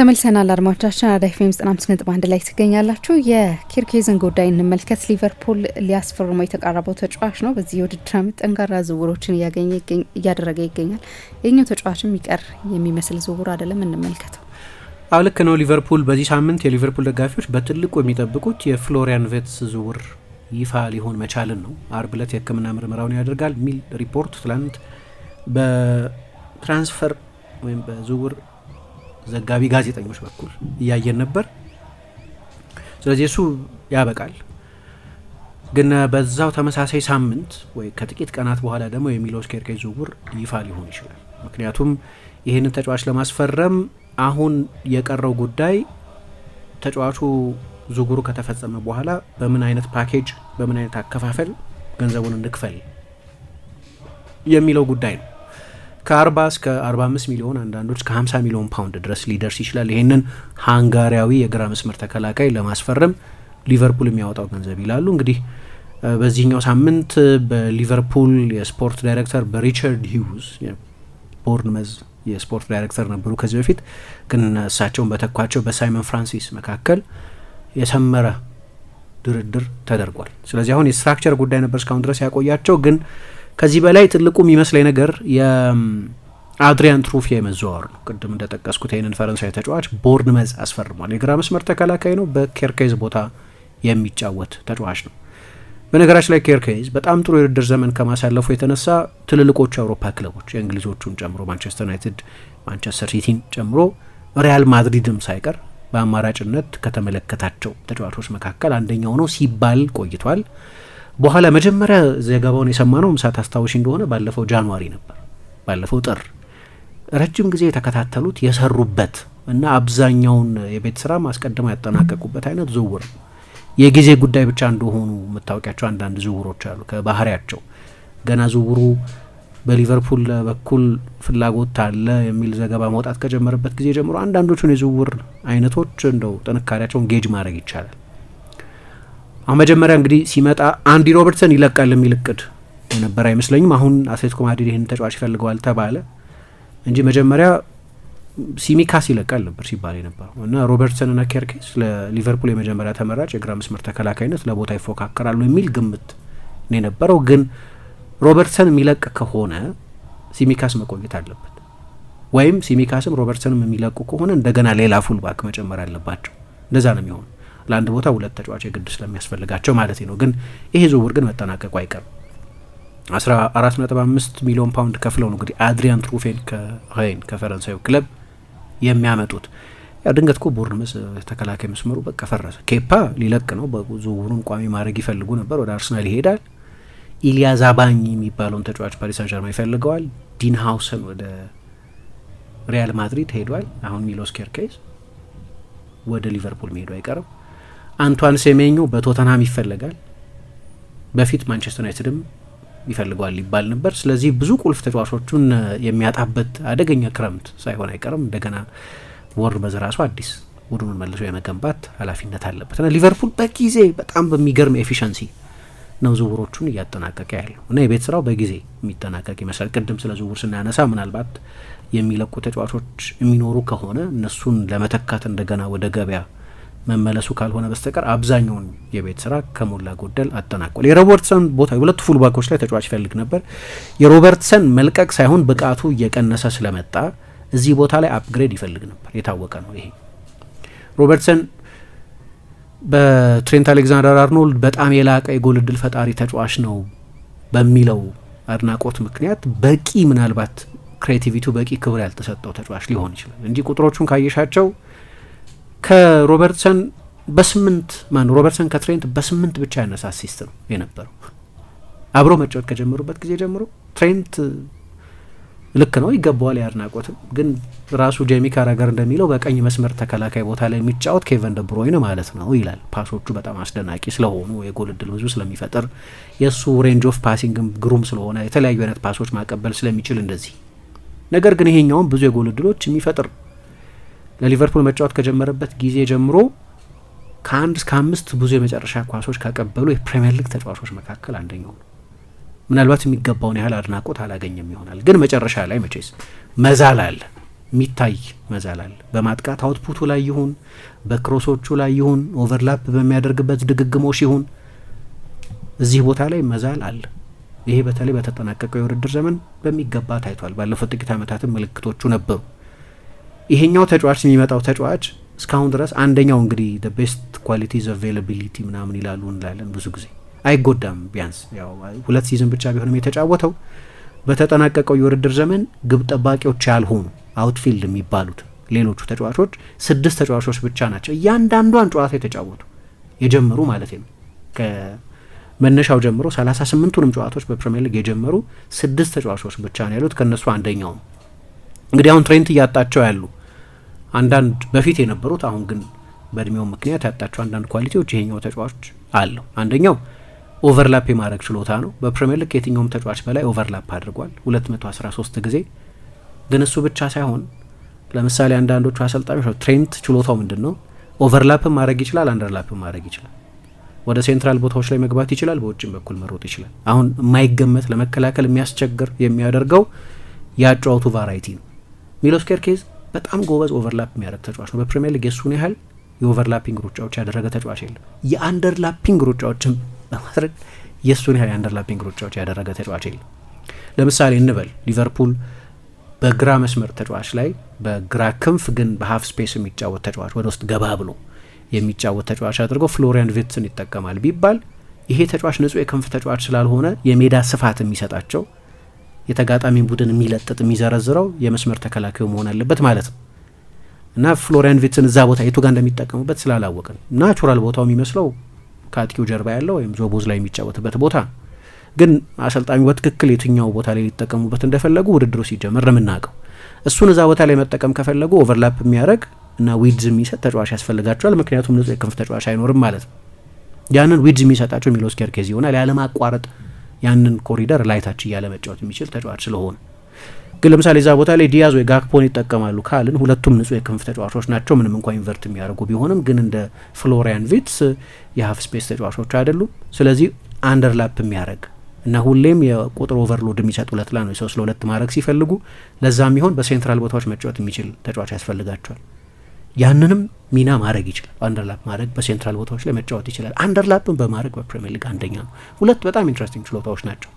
ተመልሰናል አድማጮቻችን፣ አራዳ ኤፍ ኤም ዘጠና አምስት ነጥብ አንድ ላይ ትገኛላችሁ። የኪርኬዝን ጉዳይ እንመልከት። ሊቨርፑል ሊያስፈርመው የተቃረበው ተጫዋች ነው። በዚህ የውድድር ዓመት ጠንካራ ዝውውሮችን እያደረገ ይገኛል። የኛው ተጫዋች ይቀር የሚመስል ዝውውር አይደለም። እንመልከተው። አዎ ልክ ነው። ሊቨርፑል በዚህ ሳምንት የሊቨርፑል ደጋፊዎች በትልቁ የሚጠብቁት የፍሎሪያን ቬትስ ዝውውር ይፋ ሊሆን መቻልን ነው። አርብ ዕለት የሕክምና ምርመራውን ያደርጋል የሚል ሪፖርት ትላንት በትራንስፈር ወይም በዝውውር ዘጋቢ ጋዜጠኞች በኩል እያየን ነበር። ስለዚህ እሱ ያበቃል። ግን በዛው ተመሳሳይ ሳምንት ወይ ከጥቂት ቀናት በኋላ ደግሞ የሚሎስ ኬርኬዝ ዝውውር ይፋ ሊሆን ይችላል። ምክንያቱም ይህንን ተጫዋች ለማስፈረም አሁን የቀረው ጉዳይ ተጫዋቹ ዝውውሩ ከተፈጸመ በኋላ በምን አይነት ፓኬጅ፣ በምን አይነት አከፋፈል ገንዘቡን እንክፈል የሚለው ጉዳይ ነው። ከ40 እስከ 45 ሚሊዮን አንዳንዶች ከ50 ሚሊዮን ፓውንድ ድረስ ሊደርስ ይችላል። ይህንን ሃንጋሪያዊ የግራ መስመር ተከላካይ ለማስፈረም ሊቨርፑል የሚያወጣው ገንዘብ ይላሉ። እንግዲህ በዚህኛው ሳምንት በሊቨርፑል የስፖርት ዳይሬክተር በሪቻርድ ሂውዝ ቦርንመዝ የስፖርት ዳይሬክተር ነበሩ ከዚህ በፊት ግን እሳቸውን በተኳቸው በሳይመን ፍራንሲስ መካከል የሰመረ ድርድር ተደርጓል። ስለዚህ አሁን የስትራክቸር ጉዳይ ነበር እስካሁን ድረስ ያቆያቸው ግን ከዚህ በላይ ትልቁ የሚመስለኝ ነገር የአድሪያን ትሩፊ የመዘዋወር ነው። ቅድም እንደጠቀስኩት ይህንን ፈረንሳዊ ተጫዋች ቦርንመዝ አስፈርሟል። የግራ መስመር ተከላካይ ነው። በኬርኬዝ ቦታ የሚጫወት ተጫዋች ነው። በነገራችን ላይ ኬርኬዝ በጣም ጥሩ የውድድር ዘመን ከማሳለፉ የተነሳ ትልልቆቹ የአውሮፓ ክለቦች የእንግሊዞቹን ጨምሮ ማንቸስተር ዩናይትድ፣ ማንቸስተር ሲቲን ጨምሮ ሪያል ማድሪድም ሳይቀር በአማራጭነት ከተመለከታቸው ተጫዋቾች መካከል አንደኛው ነው ሲባል ቆይቷል። በኋላ መጀመሪያ ዘገባውን የሰማነው ምሳት አስታወሽ እንደሆነ ባለፈው ጃንዋሪ ነበር። ባለፈው ጥር ረጅም ጊዜ የተከታተሉት የሰሩበት እና አብዛኛውን የቤት ስራ አስቀድመው ያጠናቀቁበት አይነት ዝውውር ነው። የጊዜ ጉዳይ ብቻ እንደሆኑ የምታወቂያቸው አንዳንድ ዝውውሮች አሉ። ከባህሪያቸው ገና ዝውውሩ በሊቨርፑል በኩል ፍላጎት አለ የሚል ዘገባ መውጣት ከጀመረበት ጊዜ ጀምሮ አንዳንዶቹን የዝውውር አይነቶች እንደው ጥንካሬያቸውን ጌጅ ማድረግ ይቻላል። መጀመሪያ እንግዲህ ሲመጣ አንዲ ሮበርትሰን ይለቃል የሚል እቅድ የነበረ አይመስለኝም። አሁን አትሌቲኮ ማድሪድ ይህን ተጫዋች ይፈልገዋል ተባለ እንጂ መጀመሪያ ሲሚካስ ይለቃል ነበር ሲባል የነበረው እና ሮበርትሰን ና ኬርኬስ ለሊቨርፑል የመጀመሪያ ተመራጭ የግራ መስመር ተከላካይነት ለቦታ ይፎካከራሉ የሚል ግምት ነው የነበረው። ግን ሮበርትሰን የሚለቅ ከሆነ ሲሚካስ መቆየት አለበት፣ ወይም ሲሚካስም ሮበርትሰንም የሚለቁ ከሆነ እንደገና ሌላ ፉልባክ መጨመር አለባቸው። እንደዛ ነው የሚሆኑ ለአንድ ቦታ ሁለት ተጫዋች የግድ ስለሚያስፈልጋቸው ማለት ነው። ግን ይሄ ዝውውር ግን መጠናቀቁ አይቀርም። አስራ አራት ነጥብ አምስት ሚሊዮን ፓውንድ ከፍለው ነው እንግዲህ አድሪያን ትሩፌን ከሬን ከፈረንሳዩ ክለብ የሚያመጡት። ያው ድንገት ኮ ቦርንመስ ተከላካይ መስመሩ በቃ ፈረሰ። ኬፓ ሊለቅ ነው። ዝውውሩን ቋሚ ማድረግ ይፈልጉ ነበር። ወደ አርሰናል ይሄዳል። ኢሊያ ዛባኝ የሚባለውን ተጫዋች ፓሪስ ሳን ጀርማ ይፈልገዋል። ዲን ሀውሰን ወደ ሪያል ማድሪድ ሄዷል። አሁን ሚሎስ ኬርኬዝ ወደ ሊቨርፑል መሄዱ አይቀርም። አንቷን ሴሜኞ በቶተንሃም ይፈለጋል። በፊት ማንቸስተር ዩናይትድም ይፈልገዋል ይባል ነበር። ስለዚህ ብዙ ቁልፍ ተጫዋቾቹን የሚያጣበት አደገኛ ክረምት ሳይሆን አይቀርም። እንደገና ወር በዘራሱ አዲስ ቡድኑን መልሶ የመገንባት ኃላፊነት አለበት እና ሊቨርፑል በጊዜ በጣም በሚገርም ኤፊሽንሲ ነው ዝውውሮቹን እያጠናቀቀ ያለው እና የቤት ስራው በጊዜ የሚጠናቀቅ ይመስላል። ቅድም ስለ ዝውውር ስናነሳ ምናልባት የሚለቁ ተጫዋቾች የሚኖሩ ከሆነ እነሱን ለመተካት እንደገና ወደ ገበያ መመለሱ ካልሆነ በስተቀር አብዛኛውን የቤት ስራ ከሞላ ጎደል አጠናቋል። የሮበርትሰን ቦታ የሁለቱ ፉልባኮች ላይ ተጫዋች ይፈልግ ነበር። የሮበርትሰን መልቀቅ ሳይሆን ብቃቱ እየቀነሰ ስለመጣ እዚህ ቦታ ላይ አፕግሬድ ይፈልግ ነበር። የታወቀ ነው ይሄ። ሮበርትሰን በትሬንት አሌክዛንደር አርኖልድ በጣም የላቀ የጎል እድል ፈጣሪ ተጫዋች ነው በሚለው አድናቆት ምክንያት በቂ ምናልባት ክሬቲቪቲው በቂ ክብር ያልተሰጠው ተጫዋች ሊሆን ይችላል እንጂ ቁጥሮቹን ካየሻቸው ከሮበርትሰን በስምንት ማን ሮበርትሰን ከትሬንት በስምንት ብቻ ያነሳ አሲስት ነው የነበረው። አብሮ መጫወት ከጀመሩበት ጊዜ ጀምሮ ትሬንት ልክ ነው ይገባዋል፣ ያድናቆትም ግን ራሱ ጄሚ ካራገር እንደሚለው በቀኝ መስመር ተከላካይ ቦታ ላይ የሚጫወት ኬቨን ደብሮይን ማለት ነው ይላል። ፓሶቹ በጣም አስደናቂ ስለሆኑ የጎል እድል ብዙ ስለሚፈጥር የእሱ ሬንጅ ኦፍ ፓሲንግም ግሩም ስለሆነ የተለያዩ አይነት ፓሶች ማቀበል ስለሚችል እንደዚህ ነገር ግን ይሄኛውም ብዙ የጎል እድሎች የሚፈጥር ለሊቨርፑል መጫወት ከጀመረበት ጊዜ ጀምሮ ከአንድ እስከ አምስት ብዙ የመጨረሻ ኳሶች ከቀበሉ የፕሪምየር ሊግ ተጫዋቾች መካከል አንደኛው ነው። ምናልባት የሚገባውን ያህል አድናቆት አላገኘም ይሆናል፣ ግን መጨረሻ ላይ መቼስ መዛል አለ፣ የሚታይ መዛል አለ። በማጥቃት አውትፑቱ ላይ ይሁን፣ በክሮሶቹ ላይ ይሁን፣ ኦቨርላፕ በሚያደርግበት ድግግሞሽ ይሁን፣ እዚህ ቦታ ላይ መዛል አለ። ይሄ በተለይ በተጠናቀቀው የውድድር ዘመን በሚገባ ታይቷል። ባለፉት ጥቂት ዓመታትም ምልክቶቹ ነበሩ። ይሄኛው ተጫዋች የሚመጣው ተጫዋች እስካሁን ድረስ አንደኛው እንግዲህ ቤስት ኳሊቲዝ አቬይላቢሊቲ ምናምን ይላሉ እንላለን ብዙ ጊዜ አይጎዳም። ቢያንስ ያው ሁለት ሲዝን ብቻ ቢሆንም የተጫወተው በተጠናቀቀው የውድድር ዘመን ግብ ጠባቂዎች ያልሆኑ አውትፊልድ የሚባሉት ሌሎቹ ተጫዋቾች ስድስት ተጫዋቾች ብቻ ናቸው እያንዳንዷን ጨዋታ የተጫወቱ የጀመሩ ማለት ነው። ከመነሻው ጀምሮ 38ቱንም ጨዋታዎች በፕሪሚየር ሊግ የጀመሩ ስድስት ተጫዋቾች ብቻ ነው ያሉት። ከእነሱ አንደኛው እንግዲህ አሁን ትሬንት እያጣቸው ያሉ አንዳንድ በፊት የነበሩት አሁን ግን በእድሜው ምክንያት ያጣቸው አንዳንድ ኳሊቲዎች ይሄኛው ተጫዋች አለው። አንደኛው ኦቨርላፕ የማድረግ ችሎታ ነው። በፕሪምየር ሊግ የትኛውም ተጫዋች በላይ ኦቨርላፕ አድርጓል 213 ጊዜ። ግን እሱ ብቻ ሳይሆን ለምሳሌ አንዳንዶቹ አሰልጣኞች ትሬንት ችሎታው ምንድን ነው? ኦቨርላፕ ማድረግ ይችላል፣ አንደርላፕ ማድረግ ይችላል፣ ወደ ሴንትራል ቦታዎች ላይ መግባት ይችላል፣ በውጭም በኩል መሮጥ ይችላል። አሁን የማይገመት ለመከላከል የሚያስቸግር የሚያደርገው የአጫዋቱ ቫራይቲ ነው። ሚሎስ ኬርኬዝ በጣም ጎበዝ ኦቨርላፕ የሚያደርግ ተጫዋች ነው። በፕሪሚየር ሊግ የሱን ያህል የኦቨርላፒንግ ሩጫዎች ያደረገ ተጫዋች የለም። የአንደርላፒንግ ሩጫዎችም በማድረግ የእሱን ያህል የአንደርላፒንግ ሩጫዎች ያደረገ ተጫዋች የለም። ለምሳሌ እንበል ሊቨርፑል በግራ መስመር ተጫዋች ላይ በግራ ክንፍ ግን በሀፍ ስፔስ የሚጫወት ተጫዋች ወደ ውስጥ ገባ ብሎ የሚጫወት ተጫዋች አድርጎ ፍሎሪያን ቪርትስን ይጠቀማል ቢባል ይሄ ተጫዋች ንጹህ የክንፍ ተጫዋች ስላልሆነ የሜዳ ስፋት የሚሰጣቸው የተጋጣሚ ቡድን የሚለጥጥ የሚዘረዝረው የመስመር ተከላካዩ መሆን አለበት ማለት ነው እና ፍሎሪያን ቪትስን እዛ ቦታ የቱ ጋር እንደሚጠቀሙበት ስላላወቅን ናቹራል ቦታው የሚመስለው ከአጥቂው ጀርባ ያለው ወይም ዞቦዝ ላይ የሚጫወትበት ቦታ ግን አሰልጣኙ በትክክል የትኛው ቦታ ላይ ሊጠቀሙበት እንደፈለጉ ውድድሩ ሲጀመር ነው እሱን እዛ ቦታ ላይ መጠቀም ከፈለጉ ኦቨርላፕ የሚያደርግ እና ዊድዝ የሚሰጥ ተጫዋች ያስፈልጋቸዋል። ምክንያቱም ንጹህ የክንፍ ተጫዋች አይኖርም ማለት ነው። ያንን ዊድዝ የሚሰጣቸው ሚሎስ ኬርኬዝ ይሆናል። ያለማቋረጥ ያንን ኮሪደር ላይታች እያለ መጫወት የሚችል ተጫዋች ስለሆነ ግን ለምሳሌ እዛ ቦታ ላይ ዲያዝ ወይ ጋክፖን ይጠቀማሉ ካልን ሁለቱም ንጹህ የክንፍ ተጫዋቾች ናቸው። ምንም እንኳ ኢንቨርት የሚያደርጉ ቢሆንም ግን እንደ ፍሎሪያን ቪትስ የሀፍ ስፔስ ተጫዋቾች አይደሉም። ስለዚህ አንደርላፕ የሚያደርግ እና ሁሌም የቁጥር ኦቨርሎድ የሚሰጥ ሁለት ላ ነው የሶስት ለሁለት ማድረግ ሲፈልጉ ለዛ ይሆን በሴንትራል ቦታዎች መጫወት የሚችል ተጫዋች ያስፈልጋቸዋል። ያንንም ሚና ማድረግ ይችላል። አንደርላፕ ማድረግ በሴንትራል ቦታዎች ላይ መጫወት ይችላል። አንደርላፕን በማድረግ በፕሪሚየር ሊግ አንደኛ ነው። ሁለት በጣም ኢንትረስቲንግ ችሎታዎች ናቸው።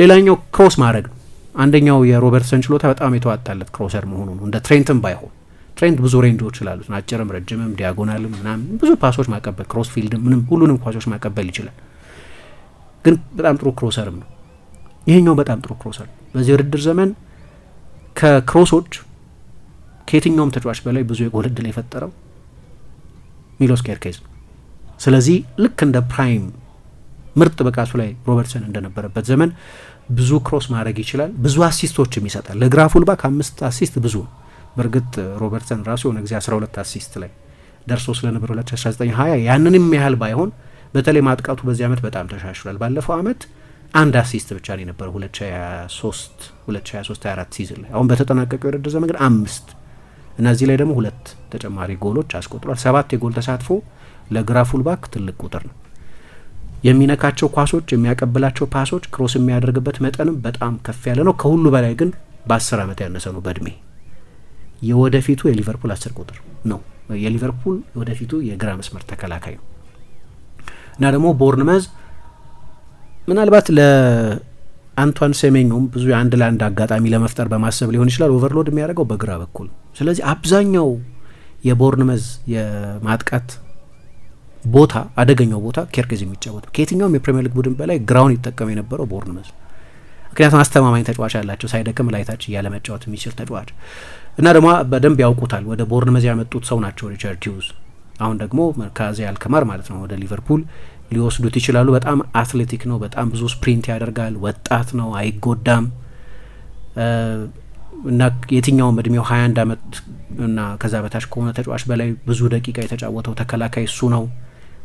ሌላኛው ክሮስ ማድረግ ነው። አንደኛው የሮበርትሰን ችሎታ በጣም የተዋጣለት ክሮሰር መሆኑ ነው። እንደ ትሬንትም ባይሆን ትሬንት ብዙ ሬንጆች ስላሉት አጭርም፣ ረጅምም፣ ዲያጎናልም ምናምን ብዙ ፓሶች ማቀበል ክሮስ ፊልድም ምንም ሁሉንም ኳሶች ማቀበል ይችላል። ግን በጣም ጥሩ ክሮሰርም ነው። ይሄኛው በጣም ጥሩ ክሮሰር ነው። በዚህ ውድድር ዘመን ከክሮሶች ከየትኛውም ተጫዋች በላይ ብዙ የጎል እድል የፈጠረው ሚሎስ ኬርኬዝ ነው። ስለዚህ ልክ እንደ ፕራይም ምርጥ ብቃቱ ላይ ሮበርትሰን እንደነበረበት ዘመን ብዙ ክሮስ ማድረግ ይችላል፣ ብዙ አሲስቶችም ይሰጣል። ለግራ ፉልባክ አምስት አሲስት ብዙ ነው። በእርግጥ ሮበርትሰን ራሱ የሆነ ጊዜ 12 አሲስት ላይ ደርሶ ስለነበር 2019/20 ያንንም ያህል ባይሆን በተለይ ማጥቃቱ በዚህ ዓመት በጣም ተሻሽሏል። ባለፈው ዓመት አንድ አሲስት ብቻ ነው የነበረው 2023 2023/24 ሲዝን ላይ አሁን በተጠናቀቀው የውድድር ዘመን ግን አምስት እና እዚህ ላይ ደግሞ ሁለት ተጨማሪ ጎሎች አስቆጥሯል። ሰባት የጎል ተሳትፎ ለግራ ፉልባክ ትልቅ ቁጥር ነው። የሚነካቸው ኳሶች፣ የሚያቀብላቸው ፓሶች፣ ክሮስ የሚያደርግበት መጠንም በጣም ከፍ ያለ ነው። ከሁሉ በላይ ግን በአስር ዓመት ያነሰ ነው በእድሜ የወደፊቱ የሊቨርፑል አስር ቁጥር ነው። የሊቨርፑል ወደፊቱ የግራ መስመር ተከላካይ ነው እና ደግሞ ቦርንመዝ ምናልባት አንቷን ሴሜኞም ብዙ የአንድ ለአንድ አጋጣሚ ለመፍጠር በማሰብ ሊሆን ይችላል ኦቨርሎድ የሚያደርገው በግራ በኩል። ስለዚህ አብዛኛው የቦርንመዝ የማጥቃት ቦታ አደገኛው ቦታ ኬርኬዝ የሚጫወት ከየትኛውም የፕሪሚየር ሊግ ቡድን በላይ ግራውን ይጠቀም የነበረው ቦርንመዝ ምክንያቱም አስተማማኝ ተጫዋች ያላቸው ሳይደክም ላይታች እያለ መጫወት የሚችል ተጫዋች እና ደግሞ በደንብ ያውቁታል። ወደ ቦርንመዝ ያመጡት ሰው ናቸው ሪቻርድ ሂውዝ። አሁን ደግሞ ከዚያ አልከማር ማለት ነው ወደ ሊቨርፑል ሊወስዱት ይችላሉ። በጣም አትሌቲክ ነው። በጣም ብዙ ስፕሪንት ያደርጋል። ወጣት ነው፣ አይጎዳም እና የትኛውም እድሜው ሀያ አንድ አመት እና ከዛ በታች ከሆነ ተጫዋች በላይ ብዙ ደቂቃ የተጫወተው ተከላካይ እሱ ነው።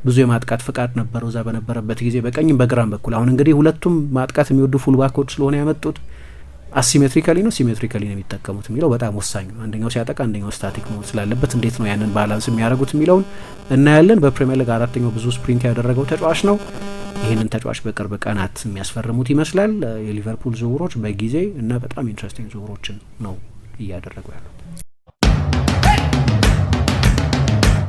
ብዙ የማጥቃት ፍቃድ ነበረው እዛ በነበረበት ጊዜ በቀኝም በግራም በኩል። አሁን እንግዲህ ሁለቱም ማጥቃት የሚወዱ ፉልባኮች ስለሆነ ያመጡት አሲሜትሪካሊ ነው ሲሜትሪካሊ ነው የሚጠቀሙት የሚለው በጣም ወሳኝ ነው። አንደኛው ሲያጠቃ አንደኛው ስታቲክ መሆን ስላለበት እንዴት ነው ያንን ባላንስ የሚያደርጉት የሚለውን እናያለን። በፕሪሚየር ሊግ አራተኛው ብዙ ስፕሪንት ያደረገው ተጫዋች ነው። ይህንን ተጫዋች በቅርብ ቀናት የሚያስፈርሙት ይመስላል። የሊቨርፑል ዝውውሮች በጊዜ እና በጣም ኢንትረስቲንግ ዝውውሮችን ነው እያደረጉ ያሉት።